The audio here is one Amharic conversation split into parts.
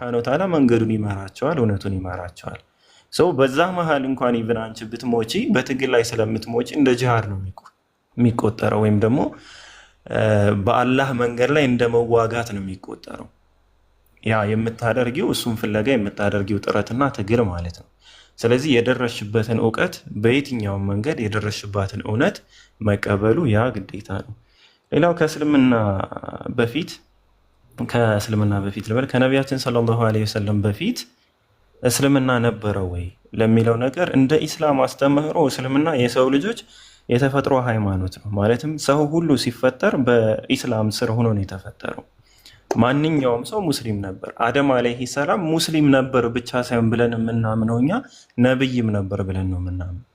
ስብሐነ ወተዓላ መንገዱን ይመራቸዋል፣ እውነቱን ይመራቸዋል። ሰው በዛ መሀል እንኳን ኢብን አንቺ ብትሞቺ በትግል ላይ ስለምትሞቺ እንደ ጅሃድ ነው የሚቆጠረው፣ ወይም ደግሞ በአላህ መንገድ ላይ እንደ መዋጋት ነው የሚቆጠረው። ያ የምታደርጊው እሱም ፍለጋ የምታደርጊው ጥረትና ትግል ማለት ነው። ስለዚህ የደረሽበትን እውቀት በየትኛውም መንገድ የደረሽባትን እውነት መቀበሉ ያ ግዴታ ነው። ሌላው ከእስልምና በፊት ከእስልምና በፊት ልበል ከነቢያችን ሰለላሁ ዐለይሂ ወሰለም በፊት እስልምና ነበረ ወይ ለሚለው ነገር እንደ ኢስላም አስተምህሮ እስልምና የሰው ልጆች የተፈጥሮ ሃይማኖት ነው። ማለትም ሰው ሁሉ ሲፈጠር በኢስላም ስር ሆኖ ነው የተፈጠረው። ማንኛውም ሰው ሙስሊም ነበር። አደም አለይሂ ሰላም ሙስሊም ነበር ብቻ ሳይሆን ብለን የምናምነው እኛ ነብይም ነበር ብለን ነው የምናምነው።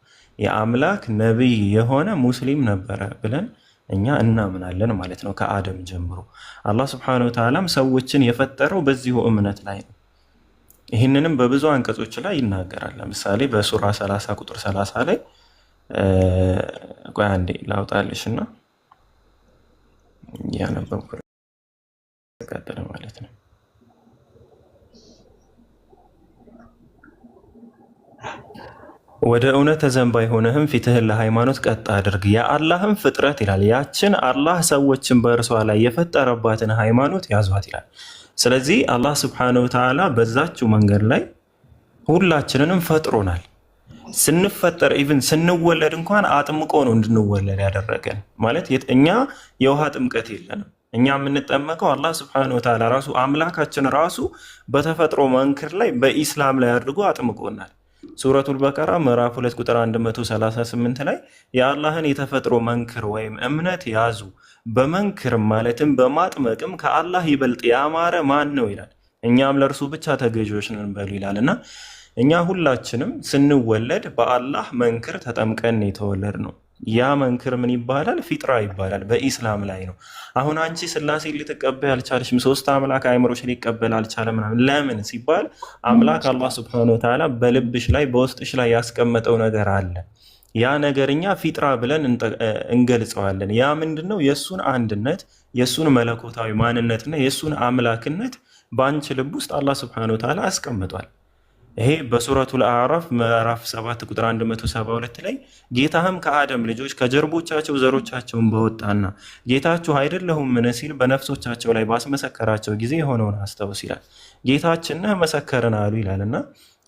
የአምላክ ነብይ የሆነ ሙስሊም ነበረ ብለን እኛ እናምናለን ማለት ነው። ከአደም ጀምሮ አላህ ስብሐነሁ ወተዓላም ሰዎችን የፈጠረው በዚሁ እምነት ላይ ነው። ይህንንም በብዙ አንቀጾች ላይ ይናገራል። ለምሳሌ በሱራ 30 ቁጥር 30 ላይ ቆይ አንዴ ላውጣልሽ እና እያነበብኩ ቀጥል ማለት ነው። ወደ እውነት ተዘንባ የሆነህም ፊትህን ለሃይማኖት ቀጥ አድርግ። የአላህም ፍጥረት ይላል ያችን አላህ ሰዎችን በእርሷ ላይ የፈጠረባትን ሃይማኖት ያዟት ይላል። ስለዚህ አላህ ስብሐነሁ ወተዓላ በዛችው መንገድ ላይ ሁላችንንም ፈጥሮናል። ስንፈጠር ኢቭን ስንወለድ እንኳን አጥምቆ ነው እንድንወለድ ያደረገን። ማለት እኛ የውሃ ጥምቀት የለንም። እኛ የምንጠመቀው አላህ ስብሐነሁ ወተዓላ ራሱ አምላካችን ራሱ በተፈጥሮ መንክር ላይ በኢስላም ላይ አድርጎ አጥምቆናል። ሱረቱል በቀራ ምዕራፍ 2 ቁጥር 138 ላይ የአላህን የተፈጥሮ መንክር ወይም እምነት ያዙ፣ በመንክር ማለትም በማጥመቅም ከአላህ ይበልጥ ያማረ ማን ነው ይላል። እኛም ለእርሱ ብቻ ተገዢዎች ነን በሉ ይላል እና እኛ ሁላችንም ስንወለድ በአላህ መንክር ተጠምቀን የተወለድ ነው ያ መንክር ምን ይባላል? ፊጥራ ይባላል። በኢስላም ላይ ነው። አሁን አንቺ ስላሴ ልትቀበል አልቻለሽም፣ ሶስት አምላክ አይምሮች ሊቀበል አልቻለ ምናምን ለምን ሲባል አምላክ አላህ ስብሐነሁ ወተዓላ በልብሽ ላይ በውስጥሽ ላይ ያስቀመጠው ነገር አለ። ያ ነገርኛ ፊጥራ ብለን እንገልጸዋለን። ያ ምንድን ነው? የእሱን አንድነት የእሱን መለኮታዊ ማንነትና የእሱን አምላክነት በአንቺ ልብ ውስጥ አላህ ስብሐነሁ ወተዓላ አስቀምጧል። ይሄ በሱረቱል አዕራፍ ምዕራፍ 7 ቁጥር 172 ላይ ጌታህም ከአደም ልጆች ከጀርቦቻቸው ዘሮቻቸውን በወጣና ጌታችሁ አይደለሁም ምን ሲል በነፍሶቻቸው ላይ ባስመሰከራቸው ጊዜ የሆነውን አስታውስ ይላል። ጌታችን መሰከርን አሉ እና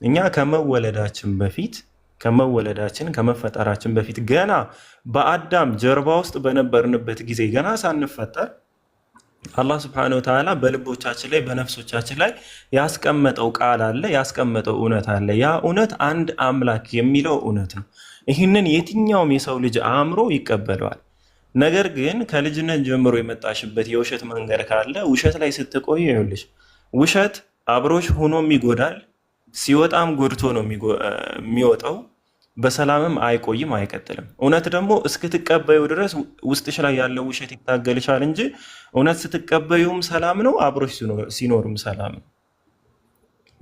እኛ ከመወለዳችን በፊት ከመወለዳችን ከመፈጠራችን በፊት ገና በአዳም ጀርባ ውስጥ በነበርንበት ጊዜ ገና ሳንፈጠር አላህ ስብሐነሁ ወተዓላ በልቦቻችን ላይ በነፍሶቻችን ላይ ያስቀመጠው ቃል አለ፣ ያስቀመጠው እውነት አለ። ያ እውነት አንድ አምላክ የሚለው እውነት ነው። ይህንን የትኛውም የሰው ልጅ አእምሮ ይቀበለዋል። ነገር ግን ከልጅነት ጀምሮ የመጣሽበት የውሸት መንገድ ካለ ውሸት ላይ ስትቆይ ይኸውልሽ፣ ውሸት አብሮሽ ሆኖም ይጎዳል፣ ሲወጣም ጎድቶ ነው የሚወጣው በሰላምም አይቆይም አይቀጥልም። እውነት ደግሞ እስክትቀበዩ ድረስ ውስጥሽ ላይ ያለው ውሸት ይታገልሻል እንጂ እውነት ስትቀበዩም ሰላም ነው፣ አብሮሽ ሲኖርም ሰላም ነው።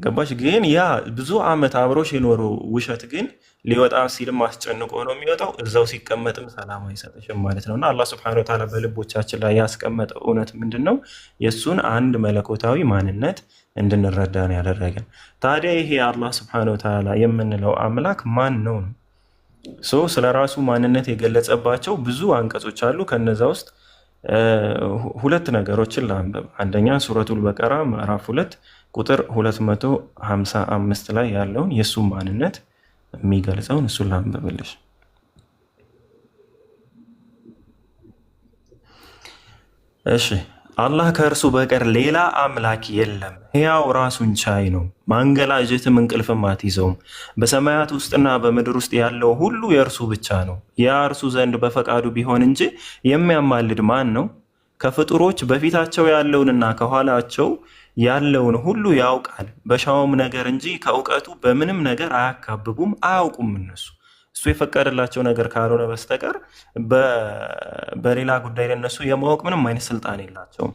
ገባሽ? ግን ያ ብዙ ዓመት አብሮሽ የኖረው ውሸት ግን ሊወጣ ሲልም አስጨንቆ ነው የሚወጣው። እዛው ሲቀመጥም ሰላም አይሰጥሽም ማለት ነው። እና አላህ ስብሐነሁ ወተዓላ በልቦቻችን ላይ ያስቀመጠው እውነት ምንድን ነው? የእሱን አንድ መለኮታዊ ማንነት እንድንረዳ ነው ያደረገን። ታዲያ ይሄ አላህ ስብሐነሁ ወተዓላ የምንለው አምላክ ማን ነው ነው? ስለ ራሱ ማንነት የገለጸባቸው ብዙ አንቀጾች አሉ። ከነዛ ውስጥ ሁለት ነገሮችን ለአንበብ። አንደኛ ሱረቱል በቀራ ምዕራፍ ሁለት ቁጥር 255 ላይ ያለውን የእሱን ማንነት የሚገልጸውን እሱን ላንብብልሽ። እሺ አላህ ከእርሱ በቀር ሌላ አምላክ የለም። ሕያው ራሱን ቻይ ነው። ማንገላጀትም እንቅልፍም አትይዘውም። በሰማያት ውስጥና በምድር ውስጥ ያለው ሁሉ የእርሱ ብቻ ነው። ያ እርሱ ዘንድ በፈቃዱ ቢሆን እንጂ የሚያማልድ ማን ነው? ከፍጡሮች በፊታቸው ያለውንና ከኋላቸው ያለውን ሁሉ ያውቃል። በሻውም ነገር እንጂ ከእውቀቱ በምንም ነገር አያካብቡም፣ አያውቁም እነሱ እሱ የፈቀደላቸው ነገር ካልሆነ በስተቀር በሌላ ጉዳይ ላይ እነሱ የማወቅ ምንም አይነት ስልጣን የላቸውም።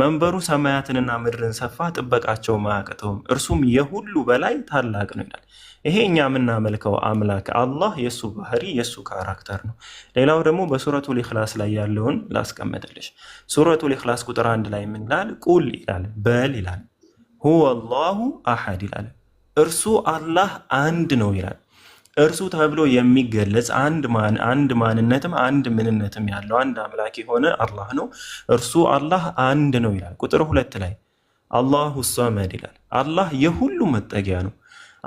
መንበሩ ሰማያትንና ምድርን ሰፋ፣ ጥበቃቸው አያቅተውም፣ እርሱም የሁሉ በላይ ታላቅ ነው ይላል። ይሄ እኛ የምናመልከው አምላክ አላህ የእሱ ባህሪ የእሱ ካራክተር ነው። ሌላው ደግሞ በሱረቱ ኢኽላስ ላይ ያለውን ላስቀመጠልሽ። ሱረቱ ኢኽላስ ቁጥር አንድ ላይ ምን ይላል? ቁል ይላል፣ በል ይላል፣ ሁወ አላሁ አሐድ ይላል፣ እርሱ አላህ አንድ ነው ይላል። እርሱ ተብሎ የሚገለጽ አንድ ማንነትም አንድ ምንነትም ያለው አንድ አምላክ የሆነ አላህ ነው። እርሱ አላህ አንድ ነው ይላል። ቁጥር ሁለት ላይ አላሁ ሰመድ ይላል። አላህ የሁሉ መጠጊያ ነው።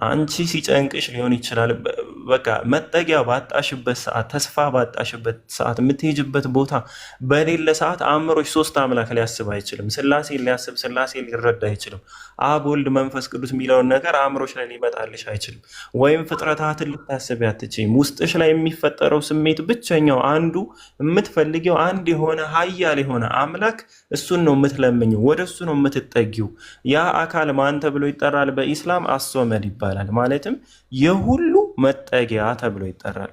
አንቺ ሲጨንቅሽ ሊሆን ይችላል። በቃ መጠጊያ ባጣሽበት ሰዓት፣ ተስፋ ባጣሽበት ሰዓት፣ የምትሄጅበት ቦታ በሌለ ሰዓት አእምሮች ሶስት አምላክ ሊያስብ አይችልም። ስላሴ ሊያስብ ስላሴ ሊረዳ አይችልም። አብ፣ ወልድ፣ መንፈስ ቅዱስ የሚለውን ነገር አእምሮች ላይ ሊመጣልሽ አይችልም። ወይም ፍጥረታትን ልታስብ አትችይም። ውስጥሽ ላይ የሚፈጠረው ስሜት ብቸኛው አንዱ የምትፈልጊው አንድ የሆነ ሀያል የሆነ አምላክ እሱን ነው የምትለምኘው፣ ወደ እሱ ነው የምትጠጊው። ያ አካል ማን ተብሎ ይጠራል? በኢስላም አሶመድ ይባላል። ማለትም የሁሉ መጠጊያ ተብሎ ይጠራል።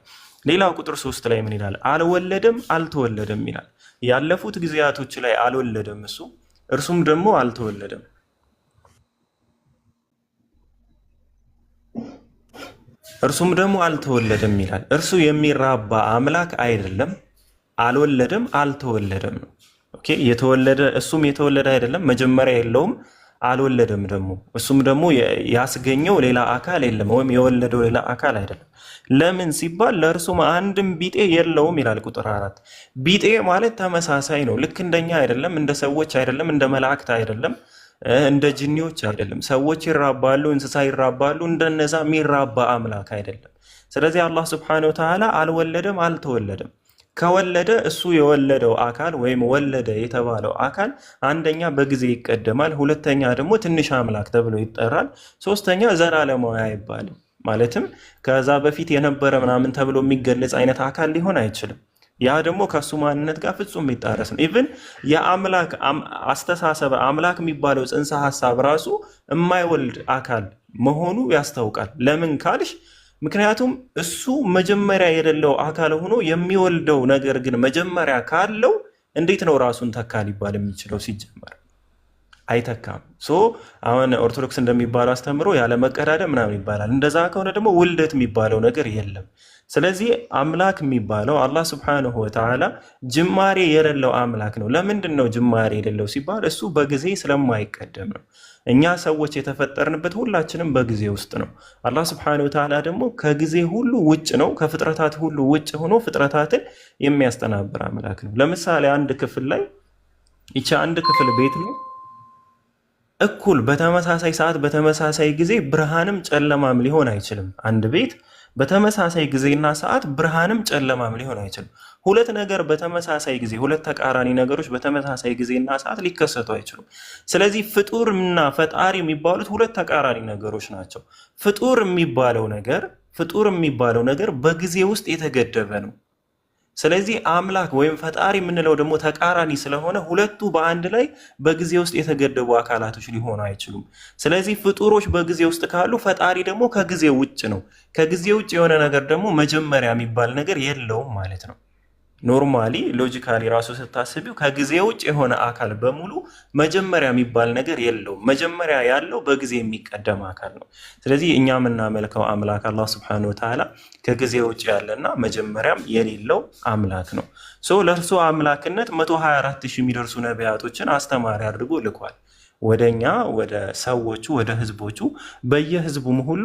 ሌላው ቁጥር ሶስት ላይ ምን ይላል? አልወለደም አልተወለደም ይላል። ያለፉት ጊዜያቶች ላይ አልወለደም እሱ እርሱም ደግሞ አልተወለደም። እርሱም ደግሞ አልተወለደም ይላል። እርሱ የሚራባ አምላክ አይደለም። አልወለደም አልተወለደም ነው። የተወለደ እሱም የተወለደ አይደለም፣ መጀመሪያ የለውም፣ አልወለደም ደግሞ እሱም ደግሞ ያስገኘው ሌላ አካል የለም፣ ወይም የወለደው ሌላ አካል አይደለም። ለምን ሲባል ለእርሱም አንድም ቢጤ የለውም ይላል ቁጥር አራት ቢጤ ማለት ተመሳሳይ ነው። ልክ እንደኛ አይደለም፣ እንደ ሰዎች አይደለም፣ እንደ መላእክት አይደለም፣ እንደ ጅኒዎች አይደለም። ሰዎች ይራባሉ፣ እንስሳ ይራባሉ፣ እንደነዛ የሚራባ አምላክ አይደለም። ስለዚህ አላህ ስብሐነሁ ወተዓላ አልወለደም፣ አልተወለደም ከወለደ እሱ የወለደው አካል ወይም ወለደ የተባለው አካል አንደኛ በጊዜ ይቀደማል፣ ሁለተኛ ደግሞ ትንሽ አምላክ ተብሎ ይጠራል፣ ሶስተኛ ዘላለማዊ አይባልም። ማለትም ከዛ በፊት የነበረ ምናምን ተብሎ የሚገለጽ አይነት አካል ሊሆን አይችልም። ያ ደግሞ ከእሱ ማንነት ጋር ፍጹም የሚጣረስ ነው። ኢቭን የአምላክ አስተሳሰብ አምላክ የሚባለው ጽንሰ ሀሳብ ራሱ የማይወልድ አካል መሆኑ ያስታውቃል። ለምን ካልሽ ምክንያቱም እሱ መጀመሪያ የሌለው አካል ሆኖ የሚወልደው ነገር ግን መጀመሪያ ካለው እንዴት ነው ራሱን ተካ ሊባል የሚችለው ሲጀመር? አይተካም። ሶ አሁን ኦርቶዶክስ እንደሚባለው አስተምሮ ያለ መቀዳደም ምናምን ይባላል። እንደዛ ከሆነ ደግሞ ውልደት የሚባለው ነገር የለም። ስለዚህ አምላክ የሚባለው አላህ ስብሐነሁ ወተዓላ ጅማሬ የሌለው አምላክ ነው። ለምንድን ነው ጅማሬ የሌለው ሲባል እሱ በጊዜ ስለማይቀደም ነው። እኛ ሰዎች የተፈጠርንበት ሁላችንም በጊዜ ውስጥ ነው። አላህ ስብሐነሁ ወተዓላ ደግሞ ከጊዜ ሁሉ ውጭ ነው። ከፍጥረታት ሁሉ ውጭ ሆኖ ፍጥረታትን የሚያስተናብር አምላክ ነው። ለምሳሌ አንድ ክፍል ላይ ይቺ አንድ ክፍል ቤት ነው እኩል በተመሳሳይ ሰዓት በተመሳሳይ ጊዜ ብርሃንም ጨለማም ሊሆን አይችልም። አንድ ቤት በተመሳሳይ ጊዜና ሰዓት ብርሃንም ጨለማም ሊሆን አይችልም። ሁለት ነገር በተመሳሳይ ጊዜ፣ ሁለት ተቃራኒ ነገሮች በተመሳሳይ ጊዜና ሰዓት ሊከሰቱ አይችሉም። ስለዚህ ፍጡርና ፈጣሪ የሚባሉት ሁለት ተቃራኒ ነገሮች ናቸው። ፍጡር የሚባለው ነገር ፍጡር የሚባለው ነገር በጊዜ ውስጥ የተገደበ ነው። ስለዚህ አምላክ ወይም ፈጣሪ የምንለው ደግሞ ተቃራኒ ስለሆነ ሁለቱ በአንድ ላይ በጊዜ ውስጥ የተገደቡ አካላቶች ሊሆኑ አይችሉም። ስለዚህ ፍጡሮች በጊዜ ውስጥ ካሉ፣ ፈጣሪ ደግሞ ከጊዜ ውጭ ነው። ከጊዜ ውጭ የሆነ ነገር ደግሞ መጀመሪያ የሚባል ነገር የለውም ማለት ነው። ኖርማሊ ሎጂካሊ ራሱ ስታስቢው ከጊዜ ውጭ የሆነ አካል በሙሉ መጀመሪያ የሚባል ነገር የለውም። መጀመሪያ ያለው በጊዜ የሚቀደም አካል ነው። ስለዚህ እኛ የምናመልከው አምላክ አላህ ሱብሐነሁ ወተዓላ ከጊዜ ውጭ ያለና መጀመሪያም የሌለው አምላክ ነው። ለእርሱ አምላክነት 124 ሺህ የሚደርሱ ነቢያቶችን አስተማሪ አድርጎ ልኳል። ወደኛ ወደ ሰዎቹ ወደ ህዝቦቹ በየህዝቡም ሁሉ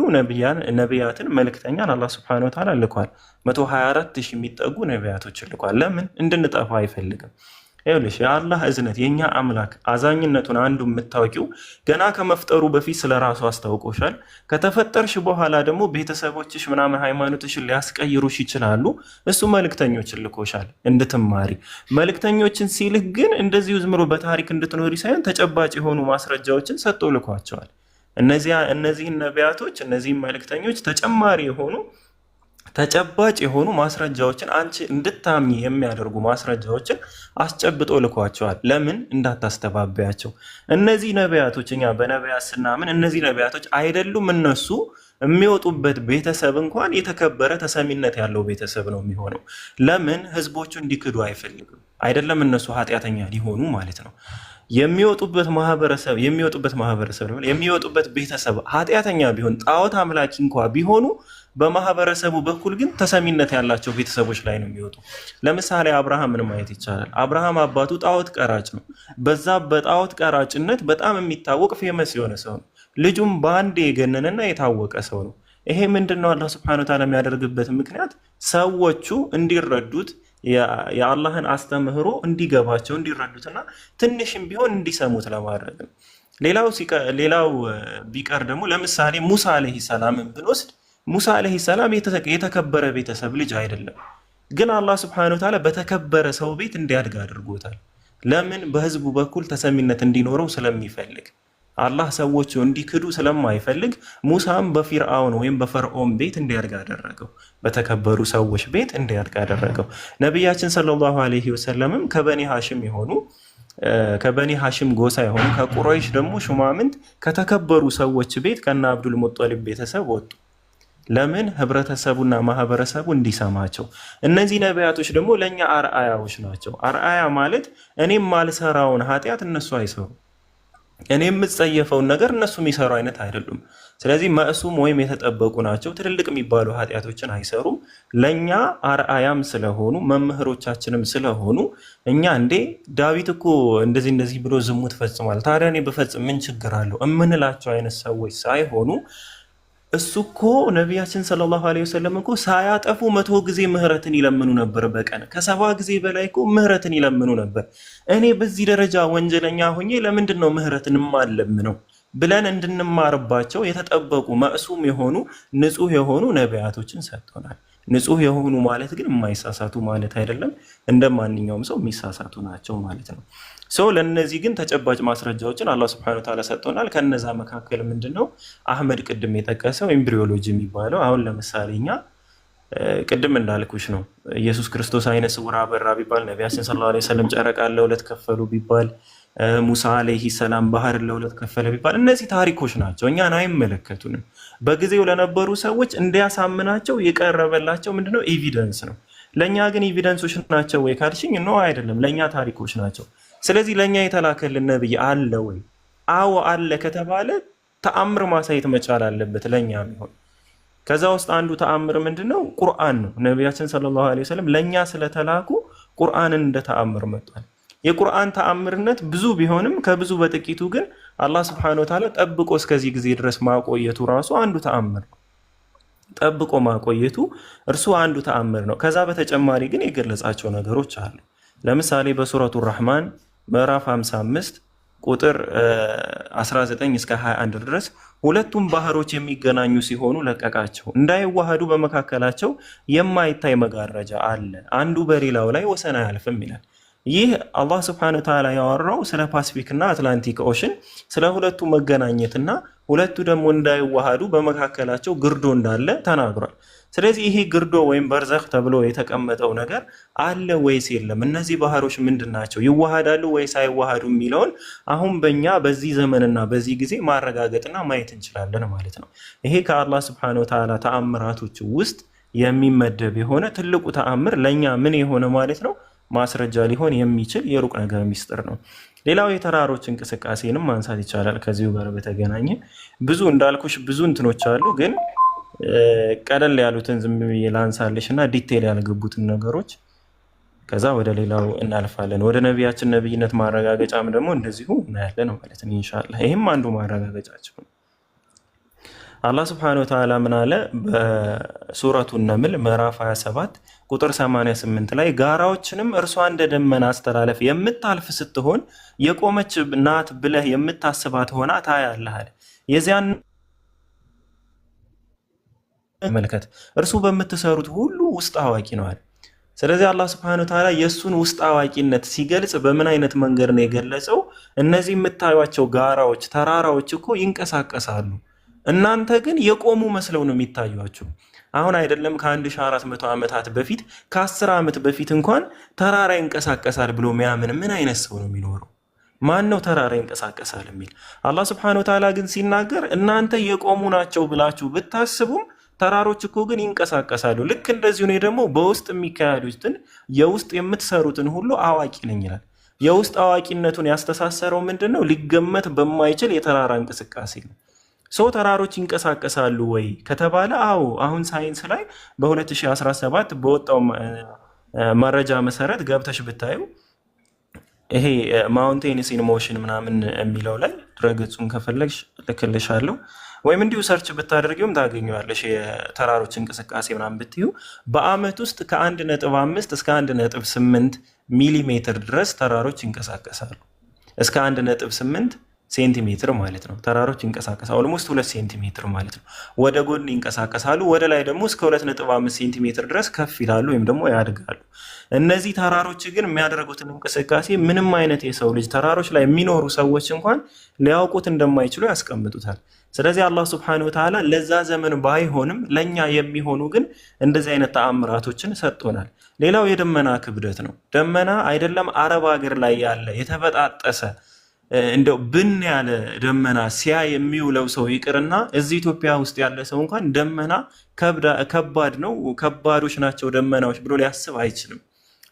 ነቢያትን መልክተኛን አላህ ሱብሐነሁ ወተዓላ ልኳል። 124 ሺህ የሚጠጉ ነቢያቶች ልኳል። ለምን እንድንጠፋ አይፈልግም። ይኸውልሽ የአላህ እዝነት የእኛ አምላክ አዛኝነቱን አንዱ የምታውቂው ገና ከመፍጠሩ በፊት ስለ ራሱ አስታውቆሻል። ከተፈጠርሽ በኋላ ደግሞ ቤተሰቦችሽ ምናምን ሃይማኖትሽን ሊያስቀይሩሽ ይችላሉ። እሱ መልእክተኞችን ልኮሻል እንድትማሪ። መልእክተኞችን ሲልክ ግን እንደዚሁ ዝም ብሎ በታሪክ እንድትኖሪ ሳይሆን ተጨባጭ የሆኑ ማስረጃዎችን ሰጥቶ ልኳቸዋል። እነዚህን ነቢያቶች፣ እነዚህን መልእክተኞች ተጨማሪ የሆኑ ተጨባጭ የሆኑ ማስረጃዎችን አንቺ እንድታምኝ የሚያደርጉ ማስረጃዎችን አስጨብጦ ልኳቸዋል። ለምን እንዳታስተባበያቸው። እነዚህ ነቢያቶች እኛ በነቢያት ስናምን እነዚህ ነቢያቶች አይደሉም እነሱ የሚወጡበት ቤተሰብ እንኳን የተከበረ ተሰሚነት ያለው ቤተሰብ ነው የሚሆነው። ለምን ህዝቦቹ እንዲክዱ አይፈልግም። አይደለም እነሱ ኃጢአተኛ ሊሆኑ ማለት ነው። የሚወጡበት ማህበረሰብ የሚወጡበት ማህበረሰብ የሚወጡበት ቤተሰብ ኃጢአተኛ ቢሆን ጣዖት አምላኪ እንኳ ቢሆኑ በማህበረሰቡ በኩል ግን ተሰሚነት ያላቸው ቤተሰቦች ላይ ነው የሚወጡ። ለምሳሌ አብርሃምን ማየት ይቻላል። አብርሃም አባቱ ጣዖት ቀራጭ ነው። በዛ በጣዖት ቀራጭነት በጣም የሚታወቅ ፌመስ የሆነ ሰው ነው። ልጁም በአንዴ የገነነና የታወቀ ሰው ነው። ይሄ ምንድን ነው አላህ ስብሐነ ወተዓላ የሚያደርግበት ምክንያት ሰዎቹ እንዲረዱት የአላህን አስተምህሮ እንዲገባቸው እንዲረዱትና ትንሽም ቢሆን እንዲሰሙት ለማድረግ ነው። ሌላው ቢቀር ደግሞ ለምሳሌ ሙሳ አለይሂ ሰላምን ብንወስድ ሙሳ ዓለይሂ ሰላም የተከበረ ቤተሰብ ልጅ አይደለም፣ ግን አላህ ሱብሓነሁ ወተዓላ በተከበረ ሰው ቤት እንዲያድግ አድርጎታል። ለምን? በህዝቡ በኩል ተሰሚነት እንዲኖረው ስለሚፈልግ አላህ ሰዎቹ እንዲክዱ ስለማይፈልግ ሙሳም በፊርአውን ወይም በፈርዖን ቤት እንዲያድግ አደረገው። በተከበሩ ሰዎች ቤት እንዲያድግ አደረገው። ነቢያችን ሰለላሁ ዐለይሂ ወሰለምም ከበኒ ሐሽም የሆኑ ከበኒ ሐሽም ጎሳ የሆኑ ከቁረይሽ ደግሞ ሹማምንት ከተከበሩ ሰዎች ቤት ከነ አብዱል ሙጠሊብ ቤተሰብ ወጡ። ለምን ህብረተሰቡና ማህበረሰቡ እንዲሰማቸው። እነዚህ ነቢያቶች ደግሞ ለእኛ አርአያዎች ናቸው። አርአያ ማለት እኔም ማልሰራውን ኃጢአት እነሱ አይሰሩ፣ እኔ የምጸየፈውን ነገር እነሱ የሚሰሩ አይነት አይደሉም። ስለዚህ መእሱም ወይም የተጠበቁ ናቸው። ትልልቅ የሚባሉ ኃጢአቶችን አይሰሩም። ለእኛ አርአያም ስለሆኑ መምህሮቻችንም ስለሆኑ እኛ እንዴ ዳዊት እኮ እንደዚህ እንደዚህ ብሎ ዝሙት ፈጽሟል፣ ታዲያ እኔ ብፈጽም ምን ችግር አለው የምንላቸው አይነት ሰዎች ሳይሆኑ እሱ እኮ ነቢያችን ሰለላሁ ዐለይሂ ወሰለም እኮ ሳያጠፉ መቶ ጊዜ ምህረትን ይለምኑ ነበር። በቀን ከሰባ ጊዜ በላይ እኮ ምህረትን ይለምኑ ነበር። እኔ በዚህ ደረጃ ወንጀለኛ ሆኜ ለምንድን ነው ምህረትን የማለምነው ብለን እንድንማርባቸው የተጠበቁ መዕሱም የሆኑ ንጹህ የሆኑ ነቢያቶችን ሰጥቶናል። ንጹህ የሆኑ ማለት ግን የማይሳሳቱ ማለት አይደለም። እንደ ማንኛውም ሰው የሚሳሳቱ ናቸው ማለት ነው። ሰው ለእነዚህ ግን ተጨባጭ ማስረጃዎችን አላህ ስብሐነ ወተዓላ ሰጥቶናል። ከነዛ መካከል ምንድነው አህመድ ቅድም የጠቀሰው ኤምብሪዮሎጂ የሚባለው አሁን ለምሳሌ እኛ ቅድም እንዳልኩሽ ነው ኢየሱስ ክርስቶስ አይነ ስውራ በራ ቢባል፣ ነቢያችን ሰለላሁ ዐለይሂ ወሰለም ጨረቃ ለሁለት ከፈሉ ቢባል፣ ሙሳ አለይሂ ሰላም ባህር ለሁለት ከፈለ ቢባል እነዚህ ታሪኮች ናቸው፣ እኛን አይመለከቱንም። በጊዜው ለነበሩ ሰዎች እንዲያሳምናቸው የቀረበላቸው ምንድነው ኤቪደንስ ነው። ለእኛ ግን ኤቪደንሶች ናቸው ወይ ካልሽኝ፣ ኖ አይደለም፣ ለእኛ ታሪኮች ናቸው። ስለዚህ ለእኛ የተላከልን ነብይ አለ ወይ? አዎ አለ ከተባለ ተአምር ማሳየት መቻል አለበት ለእኛ ሚሆን። ከዛ ውስጥ አንዱ ተአምር ምንድነው? ቁርአን ነው። ነቢያችን ሰለላሁ ዐለይሂ ወሰለም ለእኛ ስለተላኩ ቁርአንን እንደ ተአምር መጥቷል። የቁርአን ተአምርነት ብዙ ቢሆንም ከብዙ በጥቂቱ ግን አላህ ስብሐነ ወተዓላ ጠብቆ እስከዚህ ጊዜ ድረስ ማቆየቱ ራሱ አንዱ ተአምር ነው። ጠብቆ ማቆየቱ እርሱ አንዱ ተአምር ነው። ከዛ በተጨማሪ ግን የገለጻቸው ነገሮች አሉ። ለምሳሌ በሱረቱ ራህማን ምዕራፍ 55 ቁጥር 19 እስከ 21 ድረስ ሁለቱም ባህሮች የሚገናኙ ሲሆኑ ለቀቃቸው፣ እንዳይዋሃዱ በመካከላቸው የማይታይ መጋረጃ አለ፣ አንዱ በሌላው ላይ ወሰን አያልፍም ይላል። ይህ አላህ ስብሐነ ተዓላ ያወራው ስለ ፓስፊክ እና አትላንቲክ ኦሽን ስለ ሁለቱ እና ሁለቱ ደግሞ እንዳይዋሃዱ በመካከላቸው ግርዶ እንዳለ ተናግሯል። ስለዚህ ይሄ ግርዶ ወይም በርዘክ ተብሎ የተቀመጠው ነገር አለ ወይስ የለም? እነዚህ ባህሮች ምንድን ናቸው? ይዋሃዳሉ ወይስ አይዋሃዱ የሚለውን አሁን በእኛ በዚህ ዘመንና በዚህ ጊዜ ማረጋገጥና ማየት እንችላለን ማለት ነው። ይሄ ከአላህ ስብሐነ ተዓላ ተአምራቶች ውስጥ የሚመደብ የሆነ ትልቁ ተአምር ለእኛ ምን የሆነ ማለት ነው ማስረጃ ሊሆን የሚችል የሩቅ ነገር ሚስጥር ነው። ሌላው የተራሮች እንቅስቃሴንም ማንሳት ይቻላል። ከዚሁ ጋር በተገናኘ ብዙ እንዳልኩሽ ብዙ እንትኖች አሉ፣ ግን ቀለል ያሉትን ዝም ብዬ ላንሳልሽ እና ዲቴል ያልገቡትን ነገሮች ከዛ ወደ ሌላው እናልፋለን። ወደ ነቢያችን ነብይነት ማረጋገጫም ደግሞ እንደዚሁ እናያለን ማለት ነው። ኢንሻላህ ይህም አንዱ ማረጋገጫቸው ነው። አላህ ስብሐነ ወተዓላ ምን አለ? በሱረቱ ነምል ምዕራፍ 27 ቁጥር 88 ላይ ጋራዎችንም እርሷ እንደ ደመና አስተላለፍ የምታልፍ ስትሆን የቆመች ናት ብለህ የምታስባት ሆና ታያለህ። የዚያን መልከት እርሱ በምትሰሩት ሁሉ ውስጥ አዋቂ አለ። ስለዚህ አላህ ስብሐነ ወተዓላ የእሱን ውስጥ አዋቂነት ሲገልጽ በምን አይነት መንገድ ነው የገለጸው? እነዚህ የምታዩቸው ጋራዎች፣ ተራራዎች እኮ ይንቀሳቀሳሉ እናንተ ግን የቆሙ መስለው ነው የሚታዩቸው አሁን አይደለም ከ1400 ዓመታት በፊት ከ10 ዓመት በፊት እንኳን ተራራ ይንቀሳቀሳል ብሎ ሚያምን ምን አይነት ሰው ነው የሚኖረው? ማን ነው ተራራ ይንቀሳቀሳል የሚል? አላህ ስብሐነሁ ወተዓላ ግን ሲናገር እናንተ የቆሙ ናቸው ብላችሁ ብታስቡም ተራሮች እኮ ግን ይንቀሳቀሳሉ። ልክ እንደዚሁ እኔ ደግሞ በውስጥ የሚካሄዱትን የውስጥ የምትሰሩትን ሁሉ አዋቂ ነኝ ይላል። የውስጥ አዋቂነቱን ያስተሳሰረው ምንድን ነው? ሊገመት በማይችል የተራራ እንቅስቃሴ ነው። ሰው ተራሮች ይንቀሳቀሳሉ ወይ ከተባለ አዎ፣ አሁን ሳይንስ ላይ በ2017 በወጣው መረጃ መሰረት ገብተሽ ብታዩ ይሄ ማውንቴንስ ኢን ሞሽን ምናምን የሚለው ላይ ድረገጹን ከፈለግሽ ልክልሻለሁ፣ ወይም እንዲሁ ሰርች ብታደርጊውም ታገኘዋለሽ። የተራሮች እንቅስቃሴ ምናምን ብትዩ በአመት ውስጥ ከአንድ ነጥብ አምስት እስከ አንድ ነጥብ ስምንት ሚሊሜትር ድረስ ተራሮች ይንቀሳቀሳሉ እስከ አንድ ነጥብ ስምንት ሴንቲሜትር ማለት ነው። ተራሮች ይንቀሳቀሳሉ ኦልሞስት ሁለት ሴንቲሜትር ማለት ነው። ወደ ጎን ይንቀሳቀሳሉ። ወደ ላይ ደግሞ እስከ ሁለት ነጥብ አምስት ሴንቲሜትር ድረስ ከፍ ይላሉ ወይም ደግሞ ያድጋሉ። እነዚህ ተራሮች ግን የሚያደርጉትን እንቅስቃሴ ምንም አይነት የሰው ልጅ ተራሮች ላይ የሚኖሩ ሰዎች እንኳን ሊያውቁት እንደማይችሉ ያስቀምጡታል። ስለዚህ አላህ ሱብሐነሁ ወተዓላ ለዛ ዘመን ባይሆንም ለእኛ የሚሆኑ ግን እንደዚህ አይነት ተአምራቶችን ሰጥቶናል። ሌላው የደመና ክብደት ነው። ደመና አይደለም አረብ ሀገር ላይ ያለ የተበጣጠሰ እንደው ብን ያለ ደመና ሲያይ የሚውለው ሰው ይቅርና እዚህ ኢትዮጵያ ውስጥ ያለ ሰው እንኳን ደመና ከባድ ነው፣ ከባዶች ናቸው ደመናዎች ብሎ ሊያስብ አይችልም።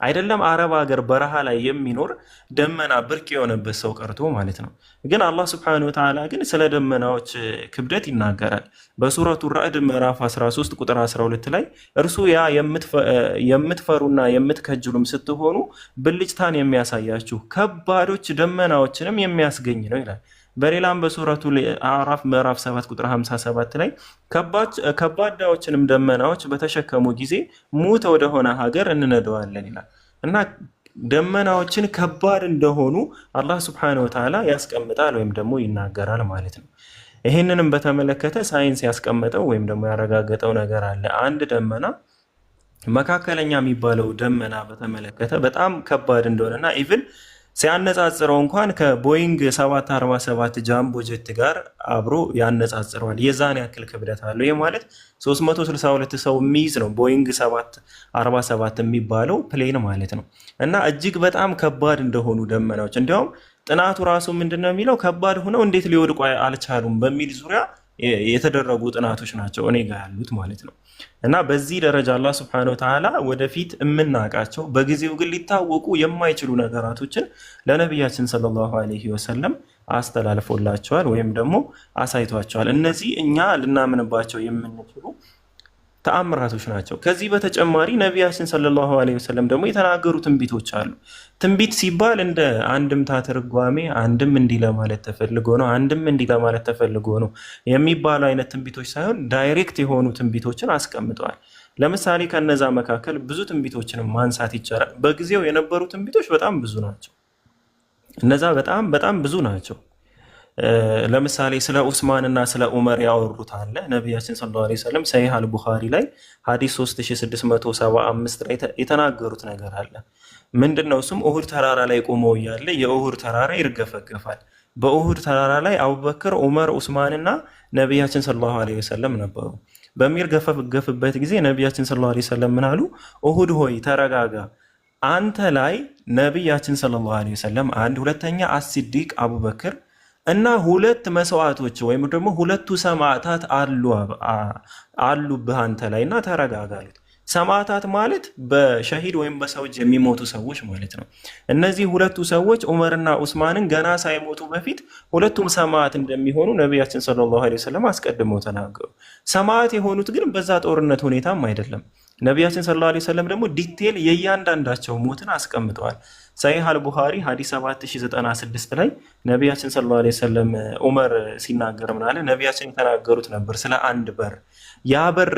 አይደለም አረብ ሀገር በረሃ ላይ የሚኖር ደመና ብርቅ የሆነበት ሰው ቀርቶ ማለት ነው። ግን አላህ ስብሐነሁ ወተዓላ ግን ስለ ደመናዎች ክብደት ይናገራል። በሱረቱ ራዕድ ምዕራፍ 13 ቁጥር 12 ላይ እርሱ ያ የምትፈሩና የምትከጅሉም ስትሆኑ ብልጭታን የሚያሳያችሁ ከባዶች ደመናዎችንም የሚያስገኝ ነው ይላል። በሌላም በሱረቱ አዕራፍ ምዕራፍ 7 ቁጥር 57 ላይ ከባዳዎችንም ደመናዎች በተሸከሙ ጊዜ ሙት ወደሆነ ሀገር እንነደዋለን ይላል እና ደመናዎችን ከባድ እንደሆኑ አላህ ሱብሓነሁ ወተዓላ ያስቀምጣል ወይም ደግሞ ይናገራል ማለት ነው። ይህንንም በተመለከተ ሳይንስ ያስቀመጠው ወይም ደግሞ ያረጋገጠው ነገር አለ። አንድ ደመና መካከለኛ የሚባለው ደመና በተመለከተ በጣም ከባድ እንደሆነና ኢቭን ሲያነጻጽረው እንኳን ከቦይንግ 747 ጃምቦ ጀት ጋር አብሮ ያነጻጽረዋል። የዛን ያክል ክብደት አለው። ይህ ማለት 362 ሰው የሚይዝ ነው ቦይንግ 747 የሚባለው ፕሌን ማለት ነው። እና እጅግ በጣም ከባድ እንደሆኑ ደመናዎች እንዲያውም ጥናቱ ራሱ ምንድን ነው የሚለው ከባድ ሆነው እንዴት ሊወድቁ አልቻሉም በሚል ዙሪያ የተደረጉ ጥናቶች ናቸው እኔ ጋር ያሉት ማለት ነው። እና በዚህ ደረጃ አላህ ስብሐነሁ ወተዓላ ወደፊት የምናውቃቸው በጊዜው ግን ሊታወቁ የማይችሉ ነገራቶችን ለነቢያችን ሰለላሁ አለይሂ ወሰለም አስተላልፎላቸዋል ወይም ደግሞ አሳይቷቸዋል። እነዚህ እኛ ልናምንባቸው የምንችሉ ተአምራቶች ናቸው። ከዚህ በተጨማሪ ነቢያችን ሰለላሁ ዐለይሂ ወሰለም ደግሞ የተናገሩ ትንቢቶች አሉ። ትንቢት ሲባል እንደ አንድምታ ትርጓሜ አንድም እንዲህ ለማለት ተፈልጎ ነው፣ አንድም እንዲህ ለማለት ተፈልጎ ነው የሚባሉ አይነት ትንቢቶች ሳይሆን ዳይሬክት የሆኑ ትንቢቶችን አስቀምጠዋል። ለምሳሌ ከነዛ መካከል ብዙ ትንቢቶችንም ማንሳት ይቻላል። በጊዜው የነበሩ ትንቢቶች በጣም ብዙ ናቸው። እነዛ በጣም በጣም ብዙ ናቸው። ለምሳሌ ስለ ኡስማን እና ስለ ኡመር ያወሩት አለ። ነቢያችን ሰለላሁ ዐለይሂ ወሰለም ሰሂህ አልቡኻሪ ላይ ሀዲስ 3675 ላይ የተናገሩት ነገር አለ። ምንድን ነው እሱም? ኡሁድ ተራራ ላይ ቆመው እያለ የኡሁድ ተራራ ይርገፈገፋል። በኡሁድ ተራራ ላይ አቡበክር፣ ኡመር፣ ኡስማን እና ነቢያችን ሰለላሁ ዐለይሂ ወሰለም ነበሩ። በሚርገፈገፍበት ጊዜ ነቢያችን ሰለላሁ ዐለይሂ ወሰለም ምን አሉ? ኡሁድ ሆይ ተረጋጋ አንተ ላይ ነቢያችን ሰለላሁ ዐለይሂ ወሰለም አንድ፣ ሁለተኛ አስሲዲቅ አቡበክር እና ሁለት መስዋዕቶች ወይም ደግሞ ሁለቱ ሰማዕታት አሉብህ አንተ ላይ እና ተረጋጋሉት። ሰማዕታት ማለት በሸሂድ ወይም በሰው እጅ የሚሞቱ ሰዎች ማለት ነው። እነዚህ ሁለቱ ሰዎች ዑመርና ኡስማንን ገና ሳይሞቱ በፊት ሁለቱም ሰማዕት እንደሚሆኑ ነቢያችን ሰለላሁ ዐለይሂ ወሰለም አስቀድመው ተናገሩ። ሰማዕት የሆኑት ግን በዛ ጦርነት ሁኔታም አይደለም። ነቢያችን ሰለላሁ ዐለይሂ ወሰለም ደግሞ ዲቴል የእያንዳንዳቸው ሞትን አስቀምጠዋል። ሳይህ አልቡኻሪ ሀዲስ 7096 ላይ ነቢያችን ሰለላሁ ሰለም ወሰለም ዑመር ሲናገር ምናለ ነቢያችን የተናገሩት ነበር ስለ አንድ በር ያ በር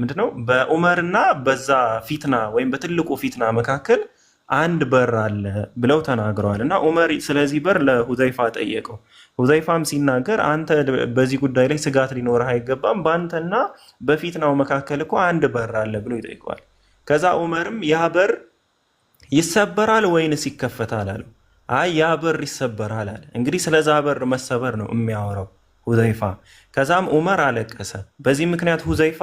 ምንድነው? በዑመርና በዛ ፊትና ወይም በትልቁ ፊትና መካከል አንድ በር አለ ብለው ተናግረዋል። እና ዑመር ስለዚህ በር ለሁዘይፋ ጠየቀው። ሁዘይፋም ሲናገር አንተ በዚህ ጉዳይ ላይ ስጋት ሊኖርህ አይገባም፣ በአንተና በፊትናው መካከል እኮ አንድ በር አለ ብሎ ይጠይቀዋል። ከዛ ዑመርም ያ በር ይሰበራል ወይንስ ይከፈታል አለው። አይ ያ በር ይሰበራል አለ። እንግዲህ ስለዛ በር መሰበር ነው የሚያወራው ሁዘይፋ። ከዛም ዑመር አለቀሰ። በዚህ ምክንያት ሁዘይፋ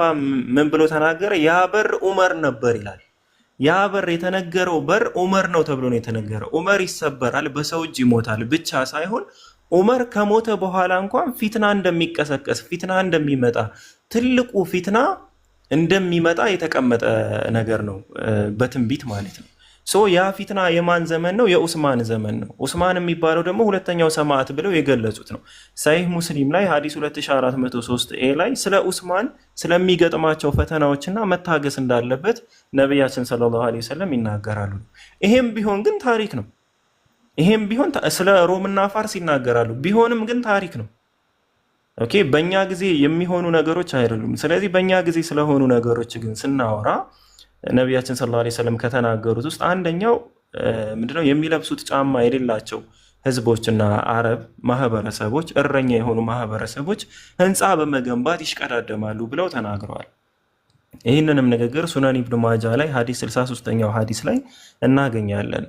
ምን ብሎ ተናገረ? ያ በር ዑመር ነበር ይላል። ያ በር የተነገረው በር ዑመር ነው ተብሎ ነው የተነገረው። ዑመር ይሰበራል፣ በሰው እጅ ይሞታል ብቻ ሳይሆን ዑመር ከሞተ በኋላ እንኳን ፊትና እንደሚቀሰቀስ ፊትና እንደሚመጣ ትልቁ ፊትና እንደሚመጣ የተቀመጠ ነገር ነው በትንቢት ማለት ነው። ያ ፊትና የማን ዘመን ነው? የኡስማን ዘመን ነው። ኡስማን የሚባለው ደግሞ ሁለተኛው ሰማዕት ብለው የገለጹት ነው። ሳይህ ሙስሊም ላይ ሀዲስ 2403 ኤ ላይ ስለ ኡስማን ስለሚገጥማቸው ፈተናዎችና መታገስ እንዳለበት ነቢያችን ሰለላሁ ዐለይሂ ወሰለም ይናገራሉ። ይሄም ቢሆን ግን ታሪክ ነው። ይሄም ቢሆን ስለ ሮምና ፋርስ ይናገራሉ። ቢሆንም ግን ታሪክ ነው። ኦኬ በእኛ ጊዜ የሚሆኑ ነገሮች አይደሉም። ስለዚህ በእኛ ጊዜ ስለሆኑ ነገሮች ግን ስናወራ ነቢያችን ሰለላሁ ዓለይሂ ወሰለም ከተናገሩት ውስጥ አንደኛው ምንድነው የሚለብሱት ጫማ የሌላቸው ህዝቦችና አረብ ማህበረሰቦች እረኛ የሆኑ ማህበረሰቦች ህንፃ በመገንባት ይሽቀዳደማሉ ብለው ተናግረዋል። ይህንንም ንግግር ሱነን ኢብኑ ማጃ ላይ ሀዲስ 63ኛው ሀዲስ ላይ እናገኛለን።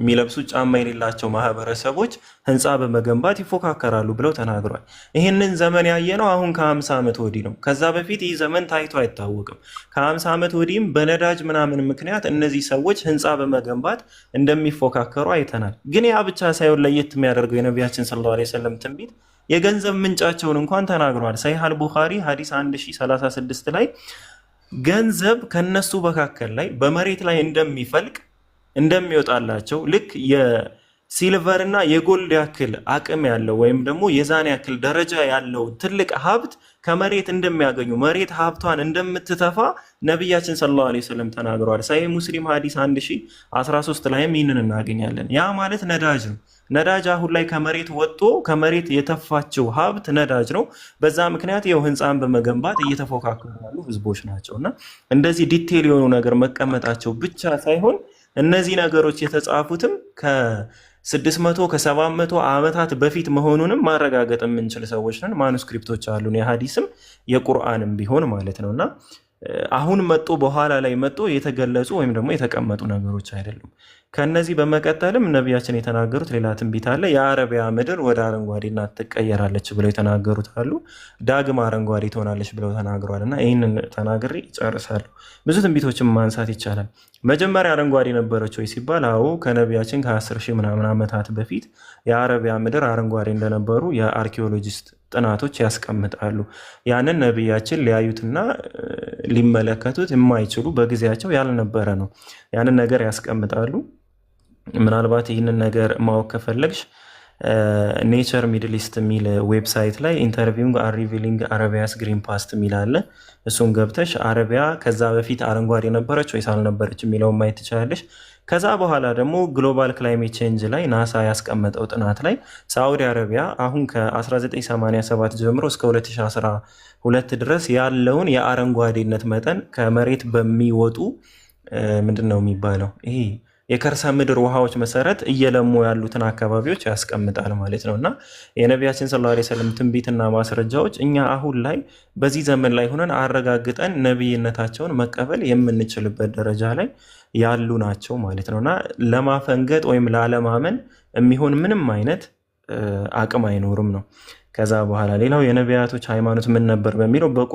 የሚለብሱ ጫማ የሌላቸው ማህበረሰቦች ህንፃ በመገንባት ይፎካከራሉ ብለው ተናግሯል። ይህንን ዘመን ያየነው አሁን ከ50 ዓመት ወዲህ ነው። ከዛ በፊት ይህ ዘመን ታይቶ አይታወቅም። ከ50 ዓመት ወዲህም በነዳጅ ምናምን ምክንያት እነዚህ ሰዎች ህንፃ በመገንባት እንደሚፎካከሩ አይተናል። ግን ያ ብቻ ሳይሆን ለየት የሚያደርገው የነቢያችን ሰለላሁ ዓለይሂ ወሰለም ትንቢት የገንዘብ ምንጫቸውን እንኳን ተናግሯል። ሰሂህ ቡኻሪ ሀዲስ 1036 ላይ ገንዘብ ከነሱ መካከል ላይ በመሬት ላይ እንደሚፈልቅ እንደሚወጣላቸው ልክ የሲልቨር እና የጎልድ ያክል አቅም ያለው ወይም ደግሞ የዛን ያክል ደረጃ ያለው ትልቅ ሀብት ከመሬት እንደሚያገኙ መሬት ሀብቷን እንደምትተፋ ነቢያችን ሰለላሁ ዐለይሂ ወሰለም ተናግረዋል። ሳይ ሙስሊም ሀዲስ 1013 ላይም ይህንን እናገኛለን። ያ ማለት ነዳጅ ነው። ነዳጅ አሁን ላይ ከመሬት ወጥቶ ከመሬት የተፋችው ሀብት ነዳጅ ነው። በዛ ምክንያት ይኸው ህንፃን በመገንባት እየተፎካከሩ ያሉ ህዝቦች ናቸው እና እንደዚህ ዲቴል የሆኑ ነገር መቀመጣቸው ብቻ ሳይሆን እነዚህ ነገሮች የተጻፉትም ከ600 ከ700 ዓመታት በፊት መሆኑንም ማረጋገጥ የምንችል ሰዎች ነን። ማኑስክሪፕቶች አሉን፣ የሀዲስም የቁርአንም ቢሆን ማለት ነው እና አሁን መጦ በኋላ ላይ መጦ የተገለጹ ወይም ደግሞ የተቀመጡ ነገሮች አይደሉም። ከነዚህ በመቀጠልም ነቢያችን የተናገሩት ሌላ ትንቢት አለ። የአረቢያ ምድር ወደ አረንጓዴና ትቀየራለች ብለው የተናገሩት አሉ። ዳግም አረንጓዴ ትሆናለች ብለው ተናግሯል እና ይህንን ተናግሬ ይጨርሳሉ። ብዙ ትንቢቶችን ማንሳት ይቻላል። መጀመሪያ አረንጓዴ ነበረች ወይ ሲባል አዎ፣ ከነቢያችን ከአስር ሺህ ምናምን ዓመታት በፊት የአረቢያ ምድር አረንጓዴ እንደነበሩ የአርኪኦሎጂስት ጥናቶች ያስቀምጣሉ። ያንን ነቢያችን ሊያዩትና ሊመለከቱት የማይችሉ በጊዜያቸው ያልነበረ ነው። ያንን ነገር ያስቀምጣሉ። ምናልባት ይህንን ነገር ማወቅ ከፈለግሽ ኔቸር ሚድል ኢስት የሚል ዌብሳይት ላይ ኢንተርቪውንግ አሪቪሊንግ አረቢያስ ግሪን ፓስት የሚል አለ። እሱን ገብተሽ አረቢያ ከዛ በፊት አረንጓዴ ነበረች ወይስ አልነበረች የሚለውን ማየት ትችላለሽ። ከዛ በኋላ ደግሞ ግሎባል ክላይሜት ቼንጅ ላይ ናሳ ያስቀመጠው ጥናት ላይ ሳዑዲ አረቢያ አሁን ከ1987 ጀምሮ እስከ 2012 ድረስ ያለውን የአረንጓዴነት መጠን ከመሬት በሚወጡ ምንድን ነው የሚባለው ይሄ የከርሰ ምድር ውሃዎች መሰረት እየለሙ ያሉትን አካባቢዎች ያስቀምጣል ማለት ነው እና የነቢያችን ስለ ላ ሰለም ትንቢትና ማስረጃዎች እኛ አሁን ላይ በዚህ ዘመን ላይ ሆነን አረጋግጠን ነቢይነታቸውን መቀበል የምንችልበት ደረጃ ላይ ያሉ ናቸው ማለት ነው እና ለማፈንገጥ ወይም ላለማመን የሚሆን ምንም አይነት አቅም አይኖርም ነው። ከዛ በኋላ ሌላው የነቢያቶች ሃይማኖት ምን ነበር በሚለው በቁ